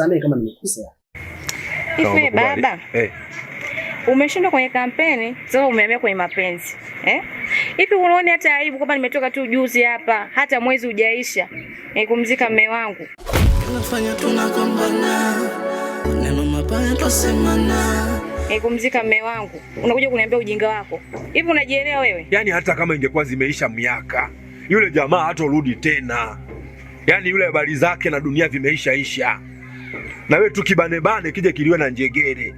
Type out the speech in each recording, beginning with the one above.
nisamehe kama nimekosea. Ife baba, hey. Eh. Umeshindwa kwenye kampeni sasa umeamia kwenye mapenzi eh? Hivi unaona hata aibu kwamba nimetoka tu juzi hapa, hata mwezi hujaisha eh, kumzika mume wangu. Tunafanya tunakombana, neno mabaya twasemana kumzika mme wangu, unakuja kuniambia ujinga wako. Hivi unajielewa wewe? Yaani hata kama ingekuwa zimeisha miaka, yule jamaa hatorudi tena. Yaani yule habari zake na dunia vimeishaisha na wewe tu kibane bane kija kiliwe na njegere.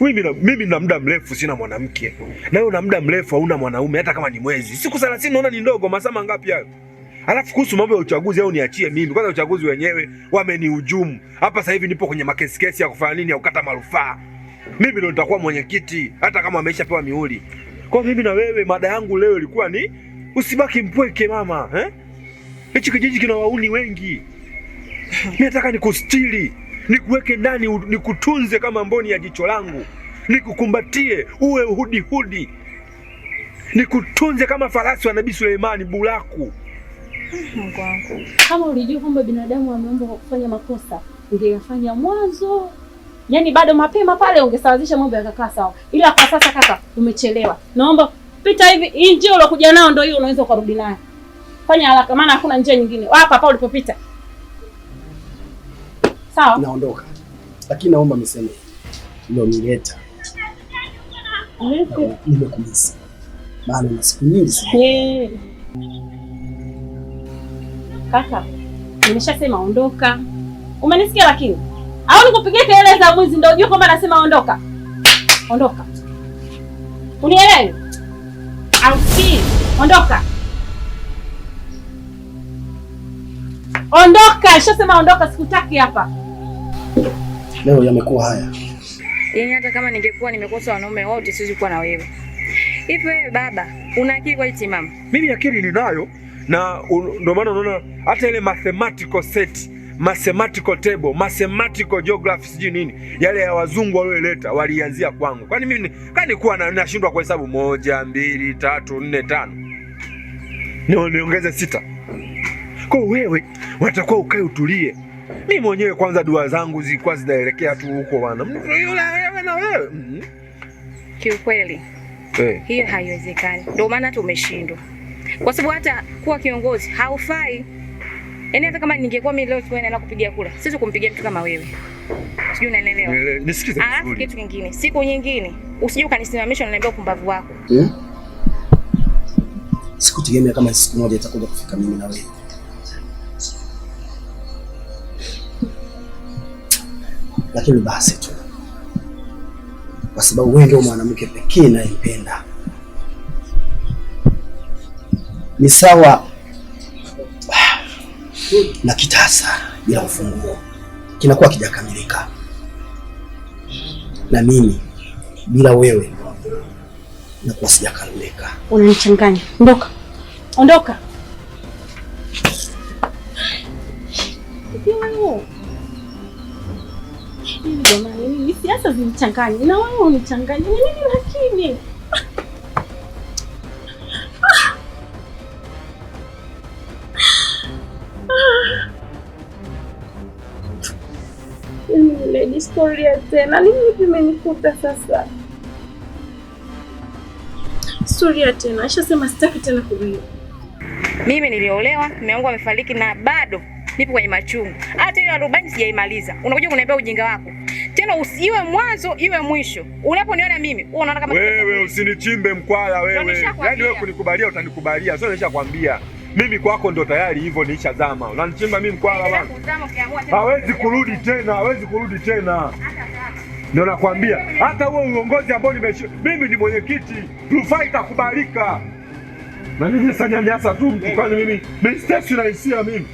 Mimi na mimi na muda mrefu sina mwanamke, na wewe una muda mrefu hauna mwanaume, hata kama ni mwezi. Siku 30 naona ni ndogo, masaa mangapi hayo? Alafu kuhusu mambo ya uchaguzi au niachie mimi kwanza. Uchaguzi wenyewe wamenihujumu hapa, sasa hivi nipo kwenye makesi kesi ya kufanya nini, ya kukata marufaa. Mimi ndo nitakuwa mwenyekiti hata kama ameshapewa mihuri. Kwa mimi na wewe, mada yangu leo ilikuwa ni usibaki mpweke mama, eh? Hichi kijiji kina wauni wengi. Nataka nikustiri, nikuweke ndani, nikutunze kama mboni ya jicho langu, nikukumbatie uwe hudi hudihudi, nikutunze kama farasi wa Nabii Suleimani bulaku. Mungu wangu, kama ulijua kwamba binadamu ameumbwa kwa kufanya makosa, ungeyafanya mwanzo, yaani bado mapema pale, ungesawazisha mambo yakakaa sawa. Ila kwa sasa kaka, umechelewa. Naomba pita hivi, hii njia uliokuja nao ndio hiyo, unaweza ukarudi nayo. Fanya haraka, maana hakuna njia nyingine hapa hapa ulipopita. Sawa. Naondoka. Lakini naomba mseme. Ndio nileta. Nimekumisi. Maana na siku nyingi sana. Kaka, nimeshasema ondoka. Umenisikia lakini? Au nikupigie kelele za mwizi ndio ujue kwamba nasema ondoka. Ondoka. Unielewi? Au si? Ondoka. Ondoka, nishasema ondoka, sikutaki hapa leo yamekuwa haya yaani, hata kama ningekuwa nimekosa wanaume wote siwezi kuwa na wewe. Hivi wewe baba, una akili kwa eti mama? Mimi akili ninayo, na ndio maana unaona hata ile mathematical set mathematical table, mathematical geography, sijui nini yale ya wazungu walioleta, walianzia kwangu. Kwani mimi kani kuwa na nashindwa kuhesabu moja, mbili, tatu, nne, tano, niongeze sita? Kwa wewe watakuwa ukae utulie mi mwenyewe kwanza dua zangu zilikuwa zinaelekea tu huko bana, yule wewe na wewe hmm? kiukweli, Eh. Hiyo haiwezekani, ndio maana tumeshindwa, kwa sababu hata kuwa kiongozi haufai. Yaani hata kama ningekuwa mimi leo sikuwa naenda kupiga kura, sisi kumpigia mtu kama wewe. Sijui unanielewa. Nisikize. Ah, kitu kingine, siku nyingine usije ukanisimamisha na niambia upumbavu wako. Hmm? Sikutegemea kama siku moja itakuja kufika mimi na wewe. lakini basi tu, kwa sababu wewe ndio mwanamke pekee nayempenda. Ni sawa na kitasa bila ufunguo, kinakuwa kijakamilika. Na mimi bila wewe nakuwa sijakamilika. Unanichanganya. Ondoka, ondoka. siasa zinichanganye na wewe unichanganye na nini lakini historia tena nini vimenikuta sasa? Historia tena, ashasema sitaki tena kulia. Mimi niliolewa, mume wangu amefariki na bado nipo kwenye machungu. Hata hiyo arobaini sijaimaliza, unakuja kuniambia ujinga wako mahusiano usiwe mwanzo iwe mwisho. Unaponiona mimi unaona kama wewe usinichimbe mkwala wewe. Yaani wewe kunikubalia utanikubalia. Sio nishakwambia. Mimi kwako ndo tayari hivyo zama Unanichimba mimi mkwala bana. Hawezi kurudi tena, hawezi kurudi tena. Ndio nakwambia. Hata wewe uongozi ambao nimeshika mimi ni mwenyekiti, rufaa itakubalika. Na mimi sasa tu mtu kwani mimi mimi station na hisia mimi.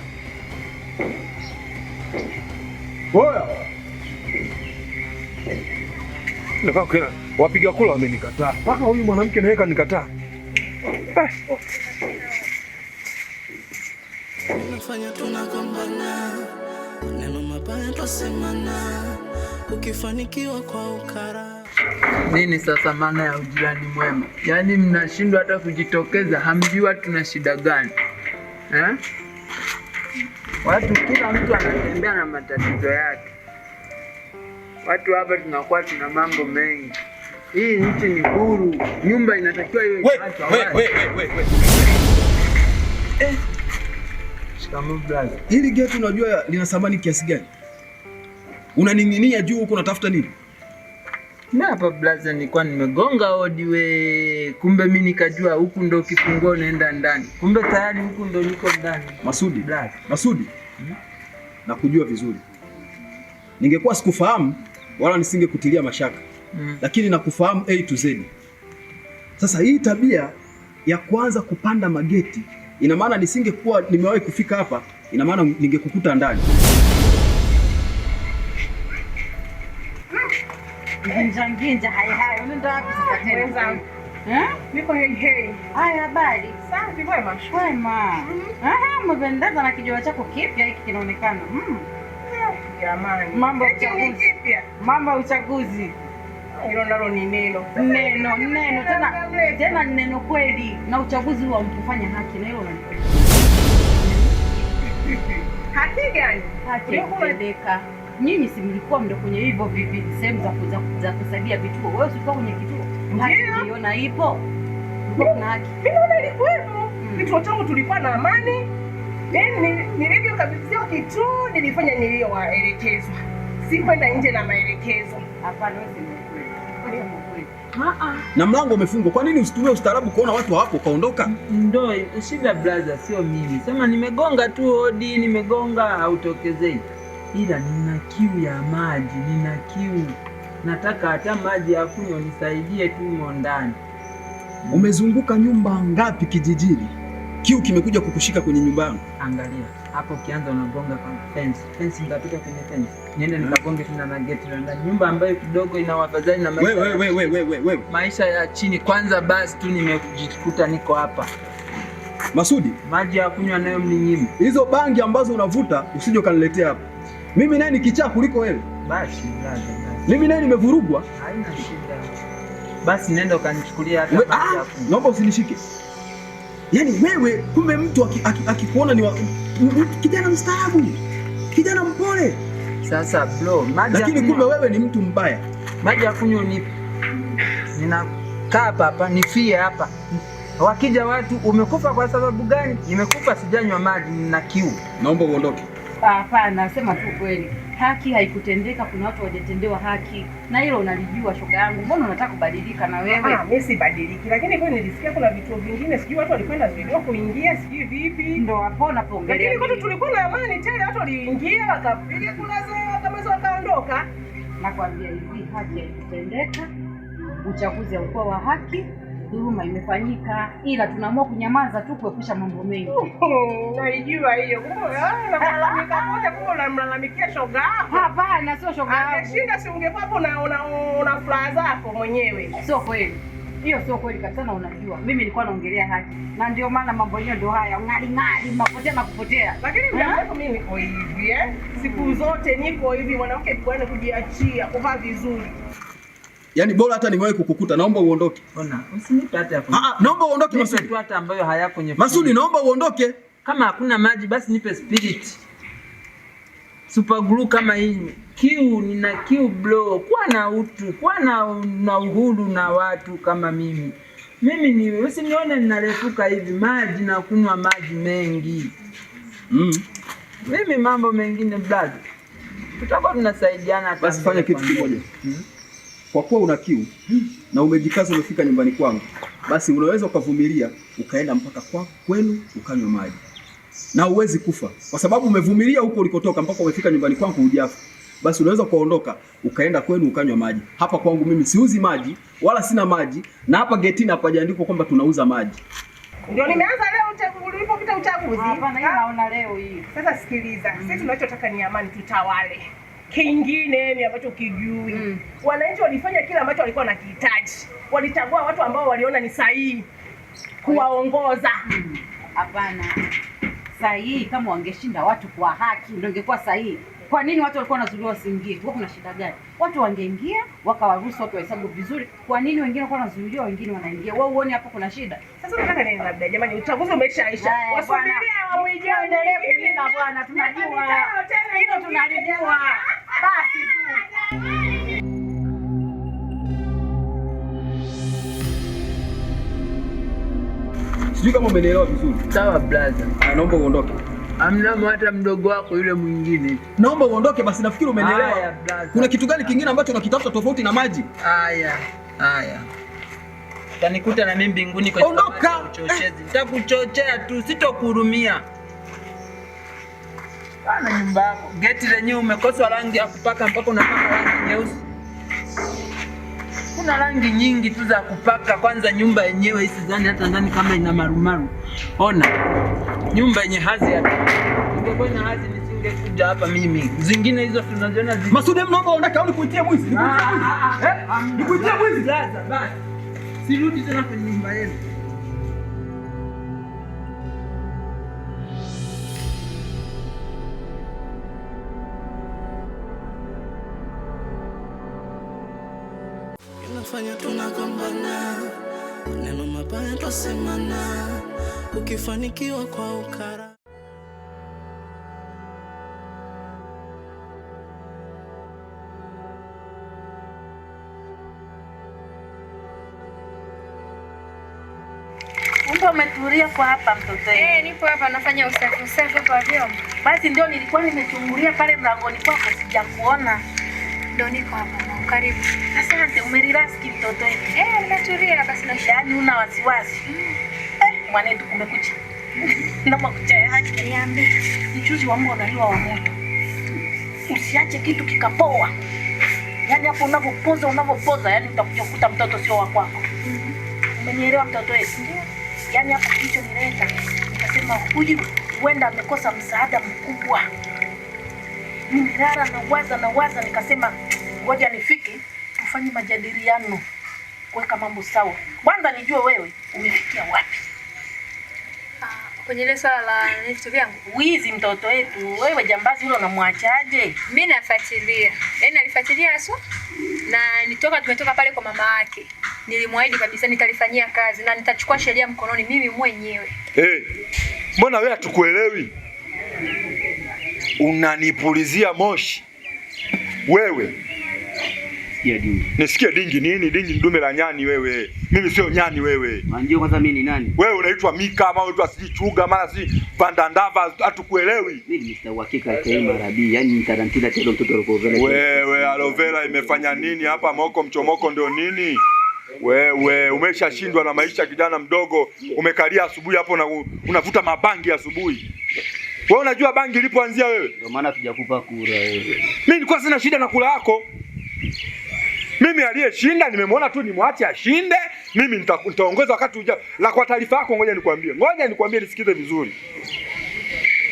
Oya wapiga kula wamenikataa, mpaka huyu mwanamke naye kanikataa. tunagombana, neno mabaya twasemana, ukifanikiwa kwa ukara nini sasa maana ya ujirani mwema? Yaani mnashindwa hata kujitokeza, hamjua tuna shida gani eh? Watu kila mtu anatembea na matatizo yake. Watu hapa tunakuwa tuna mambo mengi. Hii nchi ni huru, nyumba inatakiwa iwe eh. Shikamoo brother. Hili geti unajua lina thamani kiasi gani? Unaning'inia juu huko unatafuta nini? Na hapa blaza, nilikuwa nimegonga hodi we, kumbe mi nikajua huku ndo kifungua unaenda ndani, kumbe tayari huku ndo niko ndani. Masudi brother. Masudi, -hmm. Nakujua vizuri, ningekuwa sikufahamu wala nisingekutilia mashaka mm. Lakini nakufahamu A to Z. Sasa hii tabia ya kwanza kupanda mageti, ina maana nisingekuwa nimewahi kufika hapa, ina maana ningekukuta ndani. Aha, na kijiwa chako kipya hiki kinaonekana. Mm. Mambo ya uchaguzi, mambo uchaguzi hilo nalo ni neno neno neno tena tena neno kweli, na uchaguzi wa mkufanya haki, na hilo unajua haki gani? Haki kutendeka. Nyinyi si mlikuwa mdo kwenye hivyo vipi, sehemu za kuza za kusaidia vituo? Wewe usikuwa kwenye kituo, haki iona ipo, kuna haki. Mimi naona ilikuwepo, mm. kituo changu tulikuwa na amani Yaani nilivyokabidhiwa kituo nilifanya niliyowaelekezwa, sikwenda nje na maelekezo. na mlango umefungwa. Kwa nini usitumie ustaarabu kuona watu hawapo ukaondoka? Ndo shida brother, sio mimi. Sema nimegonga tu hodi, nimegonga hautokezei, ila nina kiu ya maji, nina kiu, nataka hata maji ya kunywa, nisaidie tu mo ndani. Umezunguka nyumba ngapi kijijini? kiu kimekuja kukushika kwenye nyumba yangu. Angalia hapo, ukianza unagonga kwa fence. Fence ndapita kwenye fence, niende nikagonge tena na gate la ndani, nyumba ambayo kidogo ina wafadhali na maisha wewe, wewe, wewe, wewe, wewe. maisha ya chini. Kwanza basi tu nimejikuta niko hapa Masudi, maji ya kunywa nayo mninyima. Hizo bangi ambazo unavuta usije ukaniletea hapa. Mimi naye ni kichaa kuliko wewe. Basi basi. Mimi naye nimevurugwa. Haina shida. Basi nenda ukanichukulia hata maji hapo. Ah! Naomba usinishike. Yaani wewe kumbe mtu akikuona ni kijana mstaarabu, kijana mpole. Sasa bro, maji lakini kumbe wewe ni mtu mbaya. Maji ya kunywa ni ninakaa hapa nifie hapa. Wakija watu umekufa kwa sababu gani? Nimekufa sijanywa maji, nina kiu. Naomba uondoke. Hapana, sema tu kweli, haki haikutendeka. Kuna watu hawajatendewa haki, na hilo unalijua. Shoga yangu, mbona unataka kubadilika na wewe? Ah, mimi sibadiliki, lakini kwa nilisikia kuna vituo vingine, sijui watu walikwenda zuiliwa kuingia, sijui vipi. Ndio hapo unapoongelea, lakini kwetu tulikuwa na amani tena, watu waliingia wakapiga kuna zao wakamaliza wakaondoka. Nakwambia hivi, haki haikutendeka, uchaguzi haukuwa wa haki dhuluma imefanyika, ila tunaamua kunyamaza tu kuepusha mambo mengi. Naijua hiyo. Ah, unamlalamikia shoga Hapana, sio shoga yako. Angeshinda si ungekuwa hapo una furaha zako mwenyewe. Sio kweli. Hiyo sio kweli kabisa, na unajua mimi nilikuwa naongelea haki, na ndio maana mambo yenyewe ndio haya ng'ali ng'ali, mapotea na kupotea. Lakini eh? mimi niko hivi eh, siku zote niko hivi, mwanamke kwenda kujiachia, kuvaa vizuri Yaani bora hata nimewahi kukukuta, naomba uondoke. Ona, usinipe hata hapo. Ah, ah naomba uondoke Masudi. Mtu hata ambayo haya kwenye Masudi, naomba uondoke. Kama hakuna maji basi nipe spirit. Super glue kama hii. Kiu nina kiu bro. Kuwa na utu, kuwa na, na uhuru na watu kama mimi. Mimi ni usinione ninarefuka hivi maji na kunywa maji mengi. Mm. Mimi mambo mengine blaza. Tutakuwa tunasaidiana. Basi fanya kitu kimoja. Mm. Kwa kuwa una kiu na umejikaza umefika nyumbani kwangu, basi unaweza ukavumilia ukaenda mpaka kwa kwenu ukanywa maji, na uwezi kufa kwa sababu umevumilia huko ulikotoka mpaka umefika nyumbani kwangu hujafa. Basi unaweza kuondoka ukaenda kwenu ukanywa maji. Hapa kwangu mimi siuzi maji wala sina maji, na hapa getini hapajaandikwa kwamba tunauza maji. Ndio nimeanza leo ulipopita uchaguzi. Hapana, hii naona leo hii. Sasa sikiliza, sisi tunachotaka ni amani, tutawale kingine ni ambacho kijui mm. Wananchi walifanya kile ambacho walikuwa nakihitaji, walichagua watu ambao waliona ni sahihi kuwaongoza. Hapana, mm. Sahihi kama wangeshinda watu kwa haki ndio ingekuwa sahihi. Kwa nini watu walikuwa wanazuiliwa wasiingie? Kwa kuna shida gani? Watu wangeingia wakawaruhusu watu wahesabu vizuri. Kwa nini wengine walikuwa wanazuiliwa wengine wanaingia? Wewe uone hapo kuna shida. Sasa unataka nini labda? Jamani uchaguzi umeshaisha. Wasubiria wa ijayo endelee kulinda bwana. Tunajua. Hilo tunalijua. Basi Sijui kama umenielewa vizuri. Sawa brother. Ah, naomba uondoke. Amnamo hata mdogo wako yule mwingine. Naomba uondoke basi, nafikiri umenielewa. Kuna kitu gani kingine ambacho unakitafuta tofauti na maji? Haya, haya. Utanikuta na mimi mbinguni kwa sababu ya uchochezi. Nitakuchochea tu, sitokuhurumia. Bana, nyumba yako. Geti lenyewe umekosa rangi ya kupaka mpaka unapaka rangi nyeusi kuna rangi nyingi tu za kupaka. Kwanza nyumba yenyewe sidhani hata ndani kama ina marumaru. Ona nyumba yenye hazi ya ingekuwa na hazi nisingekuja hapa mimi. Zingine hizo tunaziona zi... Masude, mnaomba ondoka au nikuitie mwizi? Nikuitie mwizi? Sasa basi, sirudi tena kwenye nyumba yenu. tunafanya tunagombana, neno mabaya twasemana, ukifanikiwa kwa ukara Umetulia kwa hapa mtoto wangu. Eh, nipo hapa nafanya usafi usafi kwa vyombo. Basi ndio nilikuwa nimechungulia pale mlangoni kwako sijakuona. Ndio niko hapa karibu. Asante, umerilaski mtoto wetu. Eh, natulia basi na shani una wasiwasi. Eh, mwanetu kumekucha. Na makucha ya haki. Niambie. Mchuzi wa mbwa analiwa wa moto. Usiache kitu kikapoa. Yaani hapo unavyopoza unavyopoza, yaani utakuja kukuta mtoto sio wa kwako. Mm-hmm. Umenielewa mtoto wetu? Yaani hapo kicho nileta. nikasema huyu huenda amekosa msaada mkubwa. Nimelala na waza na waza nikasema ngoja nifike tufanye majadiliano kuweka mambo sawa. Kwanza nijue wewe umefikia wapi ah, kwenye ile swala la vitu vyangu. Wizi mtoto wetu, wewe jambazi ule unamwachaje? Mimi nafuatilia. Yaani nalifuatilia asu na nitoka tumetoka pale kwa mama yake. Nilimwahidi kabisa nitalifanyia kazi na nitachukua sheria mkononi mimi mwenyewe. Eh. Hey, mbona wewe hatukuelewi? Unanipulizia moshi wewe sikia dingi. Nisikie dingi nini? Dingi ndume la nyani wewe. Mimi sio nyani wewe. Manjio kwanza mimi ni nani? Wewe unaitwa Mika ama unaitwa si Chuga mara si Vandandava hatukuelewi. Mimi ni Mr. Kaima Rabi. mtoto Wewe aloe imefanya nini hapa moko mchomoko ndio nini? Wewe umeshashindwa na maisha kijana mdogo. Umekalia asubuhi hapo na unavuta mabangi asubuhi. Wewe unajua bangi ilipoanzia wewe? Ndio maana tujakupa kura wewe. Mimi nilikuwa sina shida na kura yako. Mimi aliyeshinda nimemwona tu nimwache ashinde, mimi nitaongoza wakati uja. La kwa taarifa yako ngoja nikwambie. Ngoja nikwambie nisikize vizuri.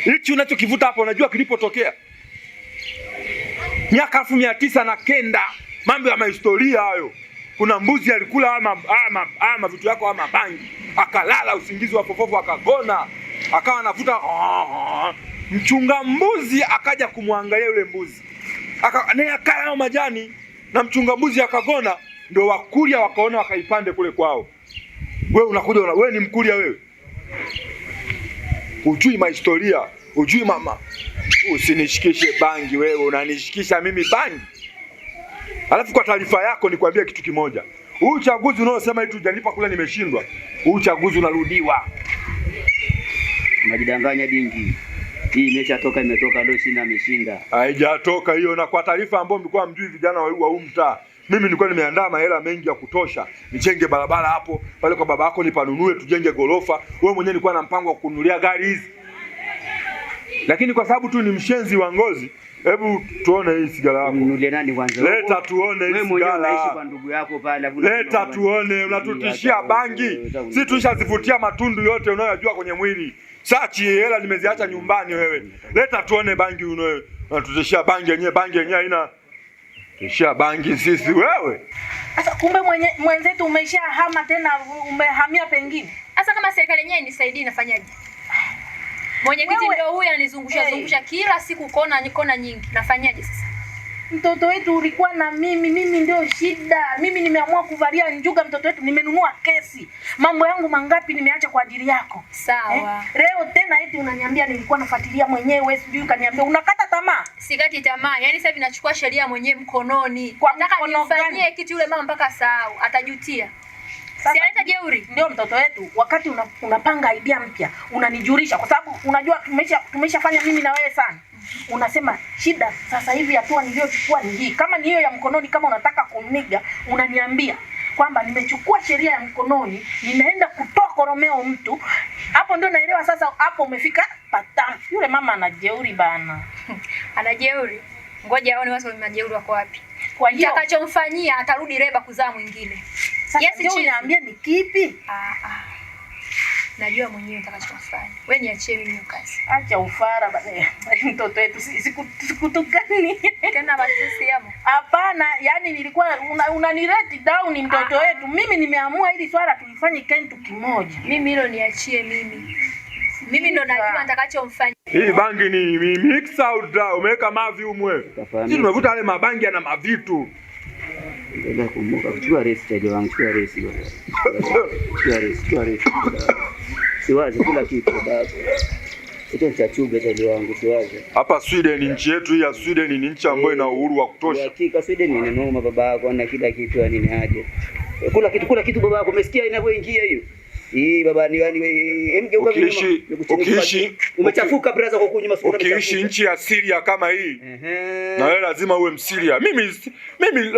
Hichi unachokivuta hapa unajua kilipotokea? Miaka elfu mia tisa na kenda. Mambo ya mahistoria hayo. Kuna mbuzi alikula ama ama ama vitu yako ama bangi. Akalala usingizi wa popofu akagona akawa anavuta mchunga mbuzi akaja kumwangalia yule mbuzi naye akala hayo majani na mchunga mbuzi akagona, ndio Wakurya wakaona wakaipande kule kwao. Wewe unakuja una, wewe ni Mkurya wewe, ujui mahistoria ujui mama, usinishikishe bangi wewe, unanishikisha mimi bangi. Alafu kwa taarifa yako nikwambie kitu kimoja, huu uchaguzi unaosema hitu hujanipa kula nimeshindwa, huu uchaguzi unarudiwa. Majidanganya dingi hii imeshatoka, imetoka leo, shinda ameshinda, haijatoka hiyo. Na kwa taarifa ambayo mlikuwa mjui, vijana wa huu mtaa, mimi nilikuwa nimeandaa mahela mengi ya kutosha, nijenge barabara hapo pale kwa baba yako, nipanunue tujenge gorofa. Wewe mwenyewe nilikuwa na mpango wa kununulia gari hizi, lakini kwa sababu tu ni mshenzi wa ngozi Hebu tuone hii sigara yako. Nunulie nani kwanza? Leta tuone hii sigara. Wewe mwenyewe unaishi kwa ndugu yako pale. Leta tuone, unatutishia bangi. Sisi tulishazivutia matundu yote unayojua kwenye mwili. Sachi hela nimeziacha nyumbani wewe. Leta tuone bangi uno wewe. Natuzeshia bangi yenyewe, bangi yenyewe haina. Tushia bangi sisi wewe. Sasa kumbe mwenye mwenzetu umesha hama tena umehamia pengine. Sasa kama serikali yenyewe inisaidie inafanyaje? Mwenyekiti ndio huyu anizungusha hey, zungusha kila siku kona kona nyingi. Nafanyaje sasa? mtoto wetu ulikuwa na mimi, mimi ndio shida. Mimi nimeamua kuvalia njuga mtoto wetu, nimenunua kesi. Mambo yangu mangapi nimeacha kwa ajili yako. Sawa. Eh? Leo tena eti unaniambia nilikuwa nafuatilia mwenyewe, sijui kaniambia unakata tamaa. Sikati tamaa. yani sasa hivi nachukua sheria mwenyewe mkononi. Kwa nataka nifanyie kitu yule mama mpaka sahau, atajutia. Sialeta jeuri. Ndio mtoto wetu, wakati unapanga una idea mpya, unanijulisha kwa sababu unajua tumesha tumeshafanya mimi na wewe sana unasema shida sasa hivi hatua niliyochukua ni hii. Kama ni hiyo ya mkononi, kama unataka kumniga, unaniambia kwamba nimechukua sheria ya mkononi, ninaenda kutoa koromeo mtu. Hapo ndio naelewa sasa, hapo umefika pata. Yule mama anajeuri bana, anajeuri. Ngoja aone watu wa majeuri wako wapi. Kwa hiyo atakachomfanyia atarudi reba kuzaa mwingine. Sasa yes, niambie ni kipi? Ah, ah najua mwenyewe nitakachofanya. Wewe niachie mimi hiyo kazi. Acha ufara bana. Mtoto wetu sikutukani. Tena basi yamo. Hapana, yani nilikuwa unanireti una down mtoto ah. wetu. Mimi nimeamua ili swala tulifanye kitu kimoja. Mimi hilo niachie mimi. Mimi ndo najua ah. nitakachomfanya. Hii bangi ni mix au umeweka mavi umwe. Sisi tunavuta yale mabangi yana mavitu. Kumbuka kuchukua wangu, chukua chukua chukua Siwaze kila kitu baba. cha chuga wangu siwaze. Hapa Sweden, nchi yetu hii ya Sweden ni nchi ambayo ina eh, uhuru wa kutosha. Hakika Sweden ina noma baba yako na kila kitu, yani ni aje. Kula kitu, kula kitu baba yako, umesikia inavyoingia hiyo? baba ni yani ukiishi ukiishi umechafuka brother kwa Ukiishi nchi ya Syria kama hii. Na wewe lazima uwe Msiria. Mimi mimi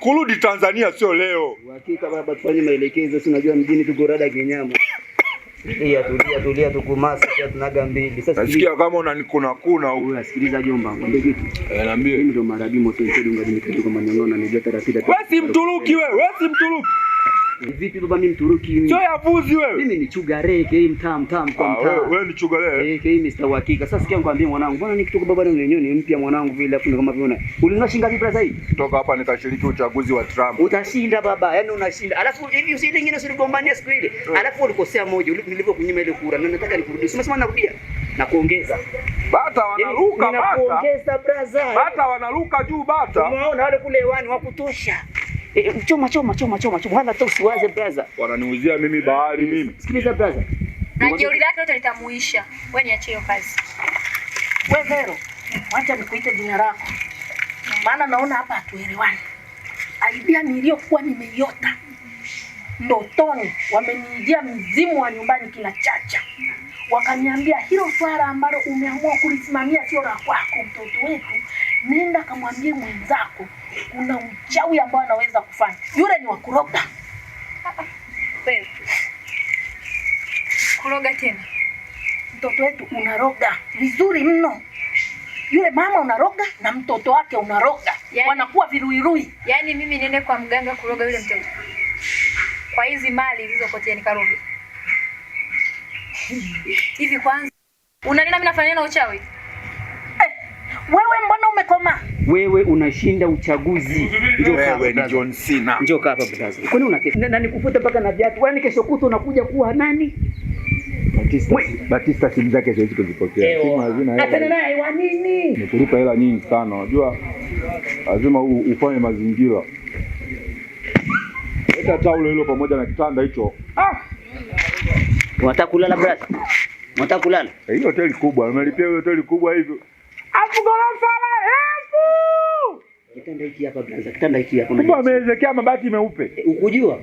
kurudi Tanzania sio leo. Hakika baba tufanye maelekezo, si unajua mjini tuko rada kinyama. Iya, tulia tulia, tukumasa tunaga mbili. Sasa nasikia kama unanikuna kuna. nasikiliza jomba, kitu. Eh, niambie. Mimi ndo marabi moto na nijata rafiki. Wewe si Mturuki wewe, wewe si Mturuki. Eh, vipi baba mimi Mturuki mimi. Sio ya buzi wewe. Mimi ni chuga reke hii mtaa mtaa kwa mtaa. Ah, wewe ni chuga reke. Eh, eh, hii Mr. Uhakika. Sasa sikia ngwambie mwanangu. mbona ni kutoka baba yenyewe ni mpya mwanangu vile afu kama vile una. Ulinua shinga vipi brother hii? Kutoka hapa nikashiriki uchaguzi wa Trump. Utashinda baba. yani unashinda. Alafu hivi usije nyingine usigombania siku ile. Eh. Alafu ulikosea moja nilivyokunyima ile kura. Na nataka nikurudie. Sema sema narudia. Na kuongeza. Bata yaani, wanaruka bata. Nakuongeza braza. Bata wanaruka juu bata. Unaona wale kule hewani wakutosha. E, choma choma choma choma choma, wala hata usiwaze brother. Wananiuzia mimi bahari mimi. Sikiliza brother. Na jeuri lake lote litamuisha. Wewe niachie hiyo kazi. Wewe Vero, wacha nikuite jina lako. Maana naona hapa hatuelewani. Idea niliyokuwa nimeiota ndotoni, wamenijia mzimu wa nyumbani kina Chacha, wakaniambia hilo swala ambalo umeamua kulisimamia sio la kwako, mtoto wetu, nenda kamwambie mwenzako kuna uchawi ambao anaweza kufanya. Yule ni wakuroga. Kuroga tena? Mtoto wetu unaroga vizuri mno. Yule mama unaroga na mtoto wake unaroga, yani, wanakuwa viruirui. Yani mimi niende kwa mganga kuroga yule mtoto kwa hizi mali zilizokotea nikaroge hivi? Kwanza unanena mimi nafanya na uchawi eh? Wewe mbona umekoma. Wewe unashinda uchaguzi. Wewe ni John Cena. Njoo hapa brother. Kwani una na nikufuta mpaka na viatu. Yaani kesho kutu unakuja kuwa nani? Batista. simu zake siwezi kuzipokea. Simu hazina hela. Atana naye wa nini? Nikulipa hela nyingi sana. Unajua lazima ufanye mazingira. Leta taulo hilo pamoja na kitanda hicho. Ah! Unataka kulala brother? Unataka kulala? Eh, hii hoteli kubwa, umelipia hoteli kubwa hivyo. Afu gorofa Kitanda hiki hapa brother, kitanda hiki hapa. Kumbe ameezekea mabati meupe. Eh, ukujua?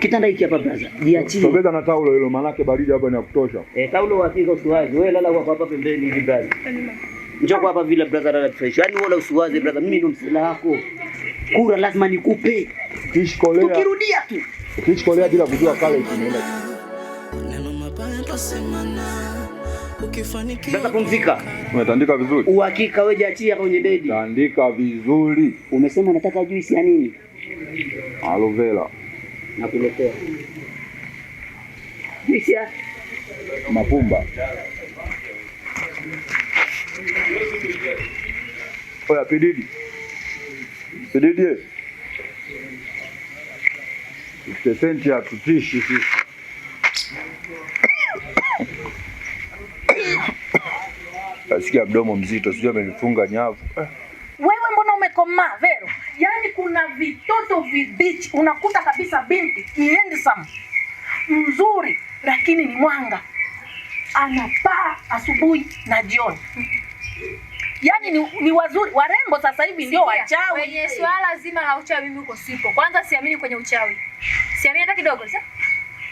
Kitanda hiki hapa brother, Jiachie. Sogeza na taulo hilo maana yake baridi hapa ni ya kutosha. Eh, taulo hakika usiwazi. Wewe lala kwa hapa pembeni hivi blaza. Njoo kwa hapa vile brother lala fresh. Yaani wala usiwaze brother, Mimi ndo msala wako. Kura lazima nikupe. Kishkolea. Tukirudia tu. Kishkolea bila kujua kale kinaenda. Neno mapana semana. Sasa pumzika. Umetandika vizuri? Uhakika wewe jiachia kwenye bedi. Tandika vizuri. Umesema unataka juisi ya nini? Aloe vera. Nakuletea. Juisi ya mapumba. Oya pididi. Pididi. Sesenti hatutishi sisi. Nasikia mdomo mzito, sijui amenifunga nyavu. Eh. Wewe mbona umekomaa Vero? Yaani kuna vitoto vibichi unakuta kabisa binti ni handsome. Mzuri lakini ni mwanga. Anapaa asubuhi na jioni. Yaani ni, ni wazuri warembo sasa hivi ndio wachawi. Kwenye swala zima la uchawi mimi uko sipo. Kwanza siamini kwenye uchawi. Siamini hata kidogo sasa.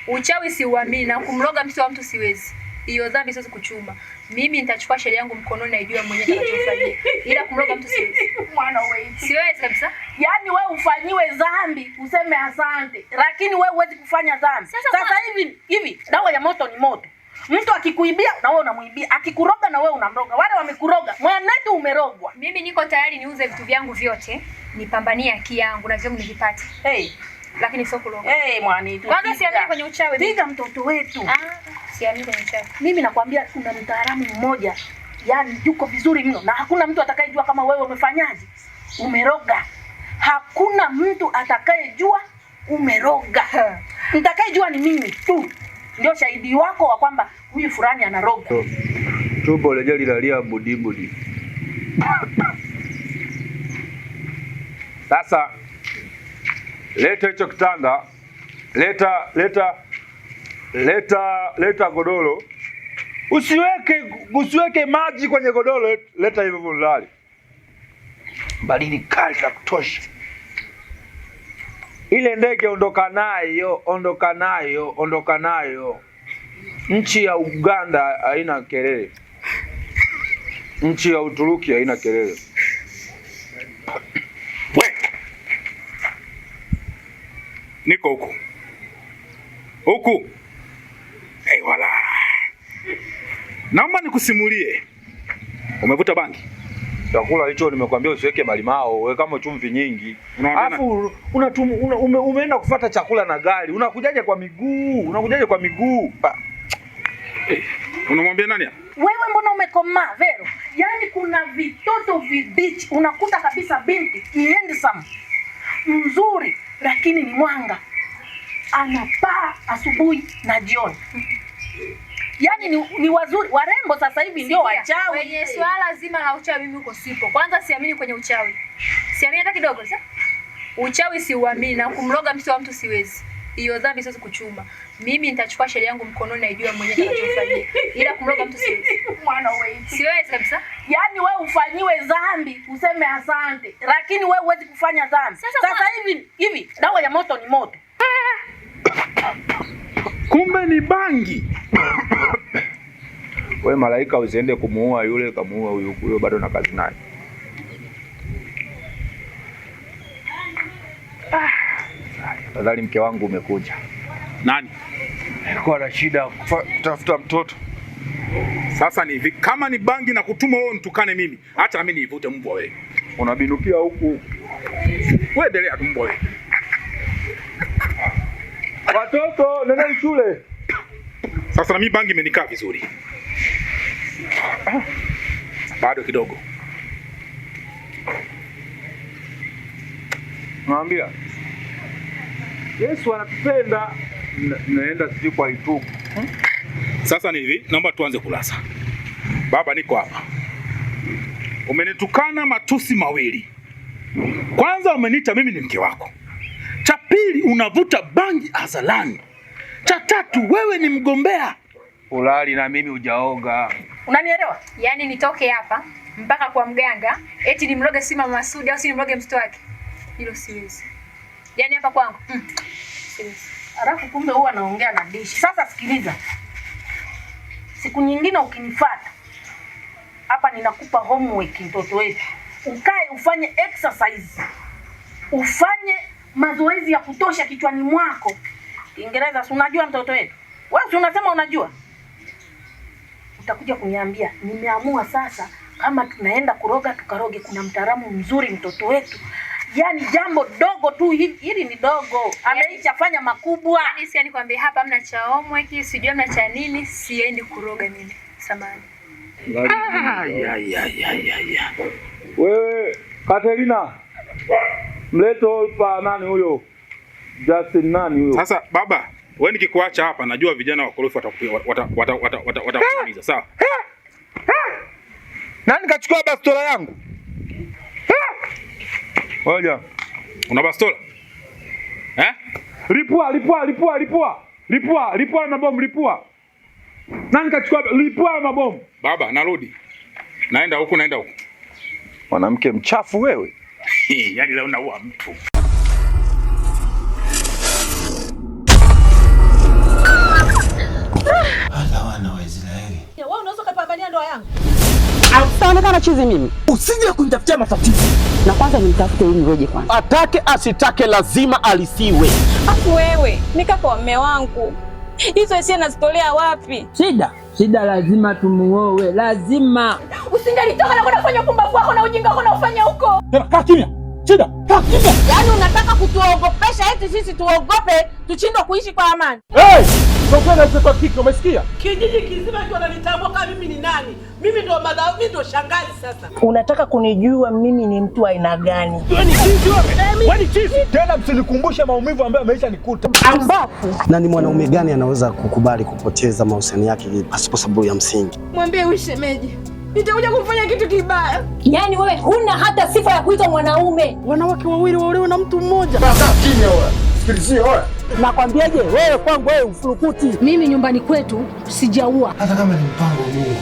Uchawi siuamini na kumroga mtu wa mtu siwezi. Hiyo dhambi siwezi kuchuma. Mimi nitachukua sheria yangu mkononi, na ijue mwenyewe nitakachofanyia, ila kumroga mtu siwezi. Mwana wewe, siwezi kabisa. Yaani wewe ufanyiwe dhambi useme asante, lakini wewe huwezi kufanya dhambi. Sasa hivi hivi dawa ya moto ni moto. Mtu akikuibia na wewe unamuibia, akikuroga na wewe unamroga. Wale wamekuroga, mwanatu umerogwa. Mimi niko tayari niuze vitu vyangu vyote, nipambanie haki yangu na vyombo nivipate. Hey, lakini sio kuroga. hey, mwani Kwanza siamini kwenye uchawi. Piga mtoto wetu. Ah. Siamini kwenye Mimi nakwambia kuna mtaalamu mmoja yani yuko vizuri mno na hakuna mtu atakayejua kama wewe umefanyaje. Umeroga. Hakuna mtu atakayejua umeroga. Nitakayejua ni mimi tu. Ndio shahidi wako wa kwamba huyu fulani anaroga. Tupo leje lilalia budibudi. Sasa leta hicho kitanda. Leta leta leta leta godoro, usiweke usiweke maji kwenye godoro, leta hivyo vulali, baridi kali za kutosha. Ile ndege ondoka nayo, ondoka nayo, ondoka nayo. Nchi ya Uganda haina kelele, nchi ya Uturuki haina kelele. Niko huku huku Naomba nikusimulie. Umevuta bangi? Chakula hicho nimekuambia usiweke malimao, wewe kama chumvi nyingi. Alafu una ume, umeenda kufuata chakula na gari. Unakujaje kwa miguu? Unakujaje kwa miguu? Hey, unamwambia nani Wewe mbona umekomaa Vero? Yaani kuna vitoto vibichi unakuta kabisa binti iende handsome. Mzuri lakini ni mwanga. Anapaa asubuhi na jioni yani ni, ni wazuri warembo sasa hivi ndio wachawi. Kwenye swala zima la uchawi mimi uko sipo. Kwanza siamini kwenye uchawi, siamini hata kidogo. Sasa uchawi siuamini, na kumloga mtu wa mtu siwezi hiyo dhambi siwezi kuchuma. Mimi nitachukua sheria yangu mkononi, naijua mwenyewe nitakachofanyia, ila kumloga mtu siwezi. Mwana wewe, siwezi kabisa. Yaani wewe ufanyiwe dhambi useme asante, lakini wewe huwezi kufanya dhambi. Sasa hivi hivi dawa ya moto ni moto, ah. kumbe ni bangi wewe malaika usiende kumuua yule, kamuua huyu, huyo bado na kazi naye. Tafadhali mke wangu umekuja. Nani? Nilikuwa na shida kutafuta mtoto. Sasa ni hivi, kama ni bangi na kutuma wewe nitukane mimi, acha mimi nivute mbwa wewe. Unabinukia huku. Wewe endelea tu mbwa wewe. Watoto, nendeni shule. Sasa na mimi bangi imenikaa vizuri ah, bado kidogo. Naambia Yesu anatupenda, naenda sijui kwa itubu hmm? Sasa ni hivi, naomba tuanze kulasa. Baba, niko hapa, umenitukana matusi mawili. Kwanza umeniita mimi ni mke wako, cha pili unavuta bangi hadharani. Cha tatu, wewe ni mgombea ulali na mimi ujaoga, unanielewa? Yaani nitoke hapa mpaka kwa mganga eti nimloge Sima Masudi au si nimloge mtoto wake? Hilo siwezi. Yaani hapa kwangu mm. Alafu kumbe huwa anaongea na dishi. Sasa sikiliza, siku nyingine ukinifuata hapa, ninakupa homework mtoto wetu, ukae ufanye exercise, ufanye mazoezi ya kutosha kichwani mwako Kiingereza si unajua mtoto wetu. Wewe si unasema unajua? Utakuja kuniambia nimeamua sasa kama tunaenda kuroga tukaroge, kuna mtaalamu mzuri mtoto wetu. Yaani jambo dogo tu hili, hili ni dogo. Ameisha fanya makubwa. Yaani si nikwambie hapa mna cha homework, sijui mna cha nini, siendi kuroga mimi. Samahani. Ah, ya ya ya ya ya. Wewe Katerina. Mleto pa nani huyo? Justin nani huyo? Sasa baba, wewe nikikuacha hapa najua vijana wa watakupiga wata, wata, wata, wata, wata, Sawa. Nani kachukua bastola yangu? Oya. Una bastola? Eh? Lipua, lipua, lipua, lipua. Lipua, lipua mabomu, lipua. Nani kachukua lipua mabomu? Baba, narudi. Naenda huku, naenda huku. Mwanamke mchafu wewe. Yaani leo naua mtu. ndoa yangu. Utaonekana chizi mimi. Usije kunitafutia matatizo. Na kwanza nimtafute huyu Roje kwanza. Atake asitake lazima alisiwe. Afu wewe, nika kwa mume wangu. Hizo hisia nazitolea wapi? Shida, shida lazima tumuoe, lazima. Usingalitoka na kwenda kufanya pumbavu wako na ujinga wako na ufanya huko. Tena kaa kimya. Shida, kaa kimya. Yaani unataka kutuogopesha eti sisi tuogope, tushindwe kuishi kwa amani. Hey! Sasa na mtoto kike umesikia? Kijiji kizima kinanitambua kama mimi ni nani. Mimi ndo madhao, mimi ndo shangazi sasa. Unataka kunijua mimi ni mtu aina gani? Wewe ni chizi wewe. Wewe ni chizi. Tena msinikumbushe maumivu ambayo ameisha nikuta. Ambapo na ni mwanaume gani anaweza kukubali kupoteza mahusiano yake pasipo sababu ya msingi? Mwambie huyu shemeji. Nitakuja kumfanya kitu kibaya. Yaani wewe huna hata sifa ya kuitwa mwanaume. Wanawake wawili waolewe na mtu mmoja. Sasa kimya wewe sikilizio eh. nakwambiaje wewe, kwangu wewe ufurukuti. Mimi nyumbani kwetu sijaua, hata kama ni mpango wa Mungu.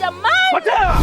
Jamani!